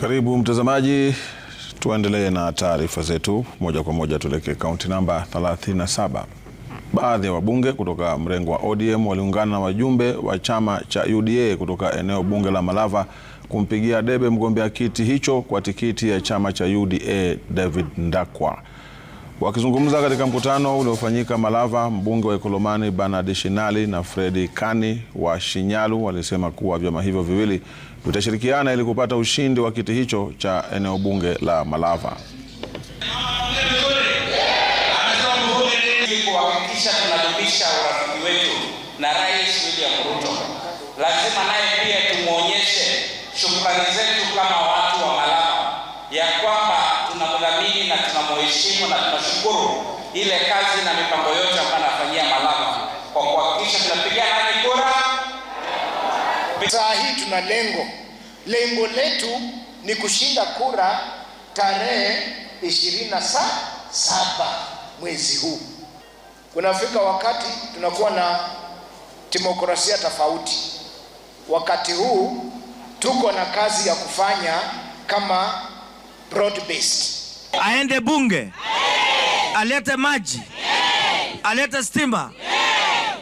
Karibu mtazamaji, tuendelee na taarifa zetu moja kwa moja. Tuelekee kaunti namba 37. Baadhi ya wabunge kutoka mrengo wa ODM waliungana na wajumbe wa chama cha UDA kutoka eneo bunge la Malava kumpigia debe mgombea kiti hicho kwa tikiti ya chama cha UDA David Ndakwa. Wakizungumza katika mkutano uliofanyika Malava, mbunge wa Ikolomani Bernard Shinali na Fredi Kani wa Shinyalu walisema kuwa vyama hivyo viwili vitashirikiana ili kupata ushindi wa kiti hicho cha eneo bunge la Malava. kuhakikisha tunadumisha urafiki wetu na Rais William Ruto lazima na tunamheshimu na tunashukuru ile kazi na mipango yote ambayo anafanyia Malava kwa kuhakikisha tunapiga nani kura. Saa hii tuna lengo, lengo letu ni kushinda kura tarehe 27 mwezi huu. Kunafika wakati tunakuwa na demokrasia tofauti. Wakati huu tuko na kazi ya kufanya kama broad based aende bunge, alete maji, alete stima,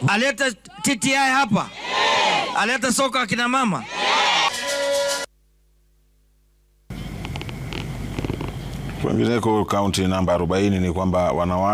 alete TTI hapa, alete soko akina mama. Kwingineko kaunti namba 40 ni kwamba wanawake